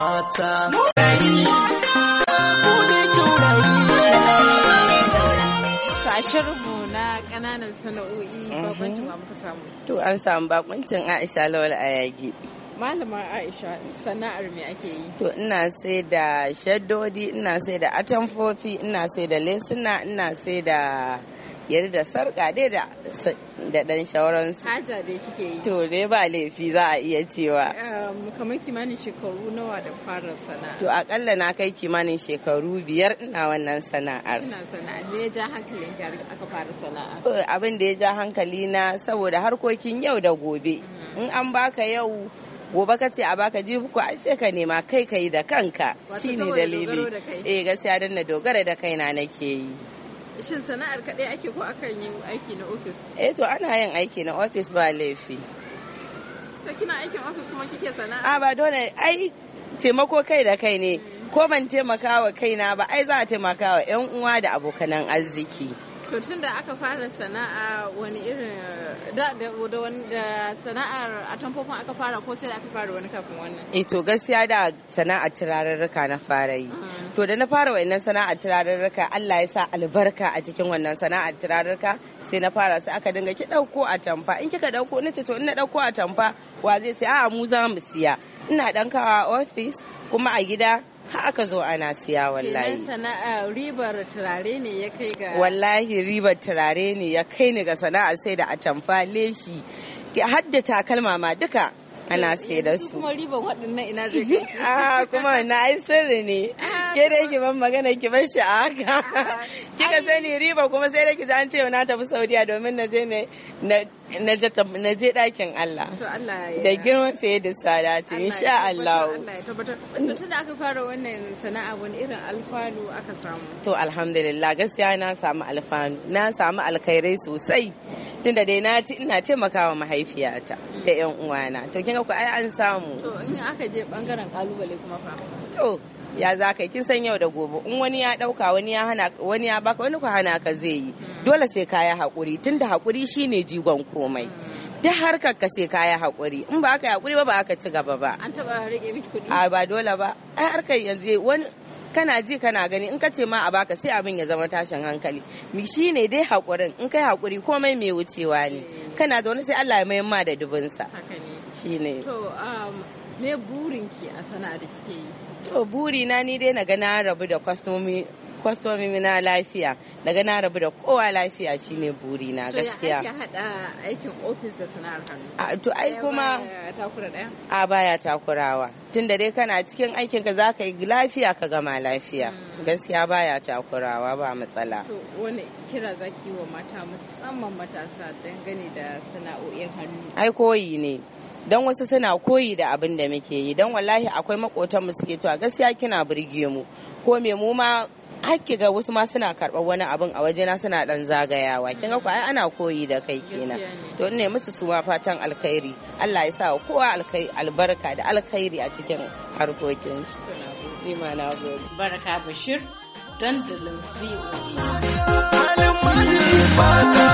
mata. na ƙananan sana'o'i mhm. bakuncin wa muka samu. To an samu bakuncin Aisha Lawal a yagi. Malama Aisha sana'ar me ake yi? To ina sai da shaddodi, ina sai da atamfofi, ina sai da lesuna, ina sai da yadda da sarka dai da da ɗan su Haja dai kike yi. To dai ba laifi za a iya cewa. Kamar kimanin shekaru nawa da fara sana'a. To akalla na kai kimanin shekaru biyar ina wannan sana'ar. Ina sana'a me ya ja hankalin ki aka fara sana'a? To abin da ya ja hankali na saboda harkokin yau da gobe. Mm-hmm. In an baka yau gobe ka ce a baka jibi ko sai ka nema kai kai da kanka shine dalili eh gaskiya dan na dogara da kaina nake yi Shin sana'ar kaɗai ake ko akan yi aiki na ofis? Eh to ana yin aiki na ofis ba laifi. To kina aikin ofis kuma kike sana'a? A ba dole ai taimako kai da kai ne. Ko ban taimaka wa kaina ba ai za a taimaka wa 'yan uwa da abokanan arziki. to tun da aka fara sana'a wani irin da da wani da sana'ar aka fara ko sai da aka fara wani kafin wannan eh to gaskiya da sana'ar turarurruka na fara yi ah. to da na fara wannan sana'ar turarurruka Allah ya sa albarka a cikin wannan sana'ar turarurruka sai na fara sai aka dinga ki dauko a tamfa in kika dauko ce to in na dauko tamfa wa zai sai a'a mu za mu siya ina dan kawa office kuma a gida har aka zo ana siya wallahi sana'a ribar turare ne ya kai ga wallahi ribar turare ne ya kai ni ga sana'a sai da atamfa leshi har da takalma ma duka ana sai da su kuma ribar waɗannan ina zai kai ah, kuma na ai sirri ne ah, ke da yake ban magana ki bar shi a haka ah, kika sani riba kuma sai da ki zance ce na tafi Saudiya domin na je na na je ɗakin Allah da girman sai da sadati insha Allah tun da aka fara wannan sana'a wani irin alfanu aka samu to alhamdulillah gaskiya na samu alfanu na samu alkhairai sosai tunda dai na ci ina taimakawa mahaifiyata da yan mm. uwana to kin ga ku ai an samu to in aka je bangaren kalubale kuma fa to ya za ka kin san yau da gobe in wani ya dauka wani ya hana wani ya baka wani ku hana ka zai yi mm. dole sai kaya hakuri tunda hakuri shine jigon komai mm. duk harkar ka sai yi hakuri in ba yi hakuri ba ba ka ci gaba ba an taba rage miki kudi a ba dole ba ai harkar yanzu wani kana ji kana gani in ka ce ma a baka sai abin ya zama tashin hankali mi shi ne dai haƙurin in kai haƙuri komai mai wucewa ne eh. kana zaune sai Allah ya mayan ma da dubinsa shi ne to um, me burinki a sana'a da kike yi to burina ni dai na ga na rabu da kwastomi kwastomi na lafiya daga na rabu da kowa lafiya shine buri na gaskiya to ya hada aikin ofis da sana'ar hannu to ai kuma takura daya a baya takurawa tunda dai kana cikin aikin ka zaka yi lafiya ka gama lafiya hmm. gaskiya baya takurawa ba matsala to wani kira zaki wa mata musamman matasa dangane da sana'o'in hannu ai koyi ne don wasu suna koyi da abin da muke yi don wallahi akwai makotan mu suke cewa gaskiya kina birge mu ko me mu ma hakki ga wasu ma suna karɓar wani abin a wajena suna ɗan zagayawa kin ga ai ana koyi da kai kenan to ne musu su ma fatan alkhairi Allah ya sa wa kowa albarka da alkhairi a cikin harkokin su na bashir dandalin VOA